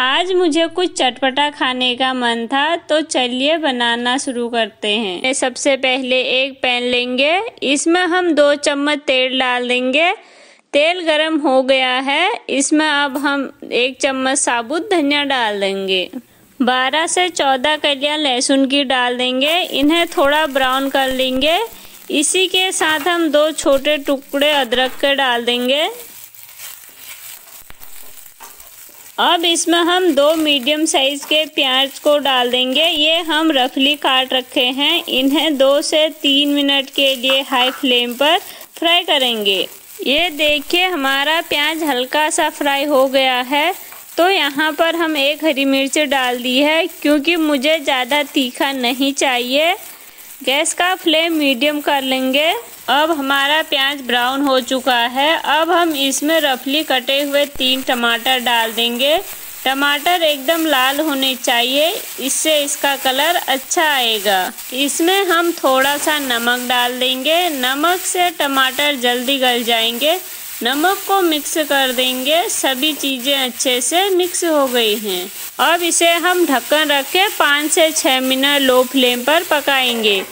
आज मुझे कुछ चटपटा खाने का मन था तो चलिए बनाना शुरू करते हैं सबसे पहले एक पैन लेंगे इसमें हम दो चम्मच तेल डाल देंगे तेल गरम हो गया है इसमें अब हम एक चम्मच साबुत धनिया डाल देंगे 12 से 14 कलियां लहसुन की डाल देंगे इन्हें थोड़ा ब्राउन कर लेंगे इसी के साथ हम दो छोटे टुकड़े अदरक के डाल देंगे अब इसमें हम दो मीडियम साइज के प्याज को डाल देंगे ये हम रफली काट रखे हैं इन्हें दो से तीन मिनट के लिए हाई फ्लेम पर फ्राई करेंगे ये देखिए हमारा प्याज हल्का सा फ्राई हो गया है तो यहाँ पर हम एक हरी मिर्च डाल दी है क्योंकि मुझे ज़्यादा तीखा नहीं चाहिए गैस का फ्लेम मीडियम कर लेंगे अब हमारा प्याज ब्राउन हो चुका है अब हम इसमें रफली कटे हुए तीन टमाटर डाल देंगे टमाटर एकदम लाल होने चाहिए इससे इसका कलर अच्छा आएगा इसमें हम थोड़ा सा नमक डाल देंगे नमक से टमाटर जल्दी गल जाएंगे नमक को मिक्स कर देंगे सभी चीज़ें अच्छे से मिक्स हो गई हैं अब इसे हम ढक्कन रख के पाँच से छः मिनट लो फ्लेम पर पकाएंगे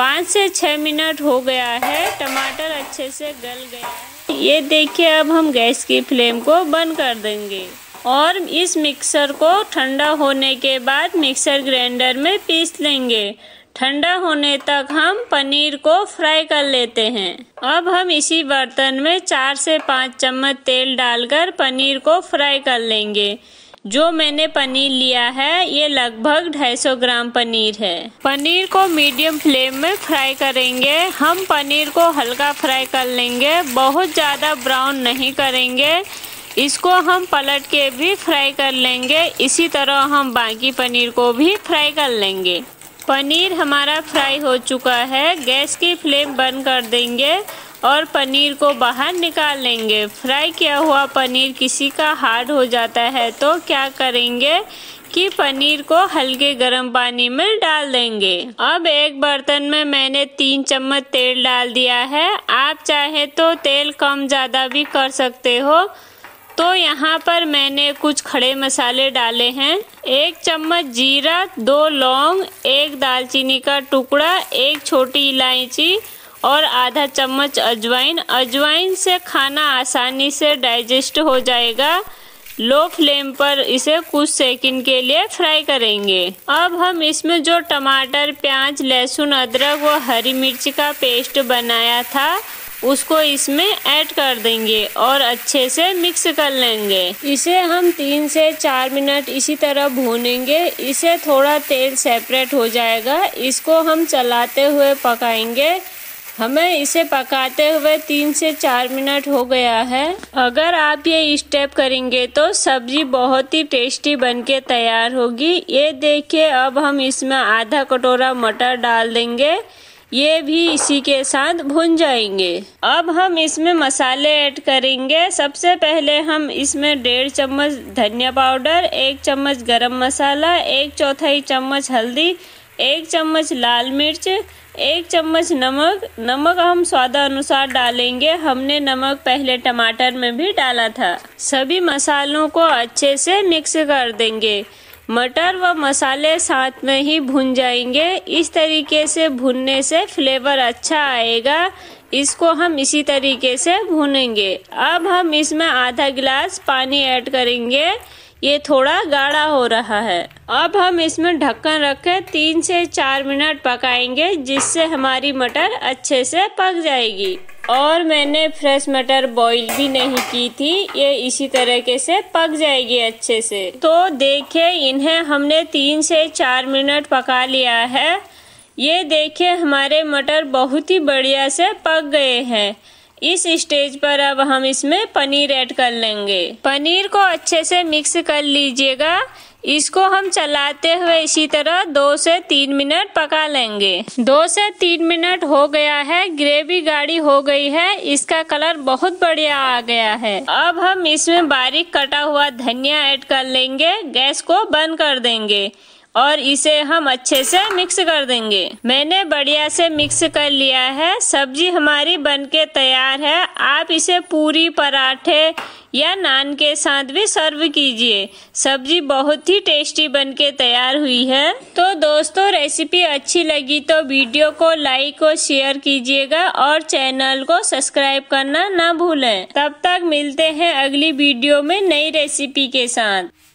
पाँच से छः मिनट हो गया है टमाटर अच्छे से गल गया है ये देखिए अब हम गैस की फ्लेम को बंद कर देंगे और इस मिक्सर को ठंडा होने के बाद मिक्सर ग्राइंडर में पीस लेंगे ठंडा होने तक हम पनीर को फ्राई कर लेते हैं अब हम इसी बर्तन में चार से पाँच चम्मच तेल डालकर पनीर को फ्राई कर लेंगे जो मैंने पनीर लिया है ये लगभग 250 ग्राम पनीर है पनीर को मीडियम फ्लेम में फ्राई करेंगे हम पनीर को हल्का फ्राई कर लेंगे बहुत ज़्यादा ब्राउन नहीं करेंगे इसको हम पलट के भी फ्राई कर लेंगे इसी तरह हम बाकी पनीर को भी फ्राई कर लेंगे पनीर हमारा फ्राई हो चुका है गैस की फ्लेम बंद कर देंगे और पनीर को बाहर निकाल लेंगे फ्राई किया हुआ पनीर किसी का हार्ड हो जाता है तो क्या करेंगे कि पनीर को हल्के गर्म पानी में डाल देंगे अब एक बर्तन में मैंने तीन चम्मच तेल डाल दिया है आप चाहे तो तेल कम ज़्यादा भी कर सकते हो तो यहाँ पर मैंने कुछ खड़े मसाले डाले हैं एक चम्मच जीरा दो लौंग एक दालचीनी का टुकड़ा एक छोटी इलायची और आधा चम्मच अजवाइन अजवाइन से खाना आसानी से डाइजेस्ट हो जाएगा लो फ्लेम पर इसे कुछ सेकंड के लिए फ्राई करेंगे अब हम इसमें जो टमाटर प्याज लहसुन अदरक व हरी मिर्च का पेस्ट बनाया था उसको इसमें ऐड कर देंगे और अच्छे से मिक्स कर लेंगे इसे हम तीन से चार मिनट इसी तरह भूनेंगे इसे थोड़ा तेल सेपरेट हो जाएगा इसको हम चलाते हुए पकाएंगे हमें इसे पकाते हुए तीन से चार मिनट हो गया है अगर आप ये स्टेप करेंगे तो सब्जी बहुत ही टेस्टी बनके तैयार होगी ये देखिए अब हम इसमें आधा कटोरा मटर डाल देंगे ये भी इसी के साथ भुन जाएंगे अब हम इसमें मसाले ऐड करेंगे सबसे पहले हम इसमें डेढ़ चम्मच धनिया पाउडर एक चम्मच गरम मसाला एक चौथाई चम्मच हल्दी एक चम्मच लाल मिर्च एक चम्मच नमक नमक हम स्वादानुसार डालेंगे हमने नमक पहले टमाटर में भी डाला था सभी मसालों को अच्छे से मिक्स कर देंगे मटर व मसाले साथ में ही भुन जाएंगे इस तरीके से भुनने से फ्लेवर अच्छा आएगा इसको हम इसी तरीके से भुनेंगे अब हम इसमें आधा गिलास पानी ऐड करेंगे ये थोड़ा गाढ़ा हो रहा है अब हम इसमें ढक्कन कर तीन से चार मिनट पकाएंगे जिससे हमारी मटर अच्छे से पक जाएगी और मैंने फ्रेश मटर बॉईल भी नहीं की थी ये इसी तरीके से पक जाएगी अच्छे से तो देखिए इन्हें हमने तीन से चार मिनट पका लिया है ये देखिए हमारे मटर बहुत ही बढ़िया से पक गए हैं इस स्टेज पर अब हम इसमें पनीर ऐड कर लेंगे पनीर को अच्छे से मिक्स कर लीजिएगा इसको हम चलाते हुए इसी तरह दो से तीन मिनट पका लेंगे दो से तीन मिनट हो गया है ग्रेवी गाढ़ी हो गई है इसका कलर बहुत बढ़िया आ गया है अब हम इसमें बारीक कटा हुआ धनिया ऐड कर लेंगे गैस को बंद कर देंगे और इसे हम अच्छे से मिक्स कर देंगे मैंने बढ़िया से मिक्स कर लिया है सब्जी हमारी बनके तैयार है आप इसे पूरी पराठे या नान के साथ भी सर्व कीजिए सब्जी बहुत ही टेस्टी बनके तैयार हुई है तो दोस्तों रेसिपी अच्छी लगी तो वीडियो को लाइक और शेयर कीजिएगा और चैनल को सब्सक्राइब करना ना भूलें तब तक मिलते हैं अगली वीडियो में नई रेसिपी के साथ